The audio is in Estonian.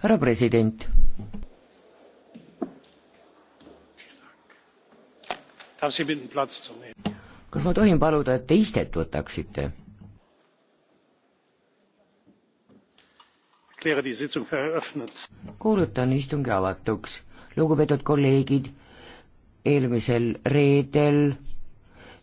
härra president. kas ma tohin paluda, et te istet võtaksite? kuulutan istungi avatuks. lugupeetud kolleegid, eelmisel reedel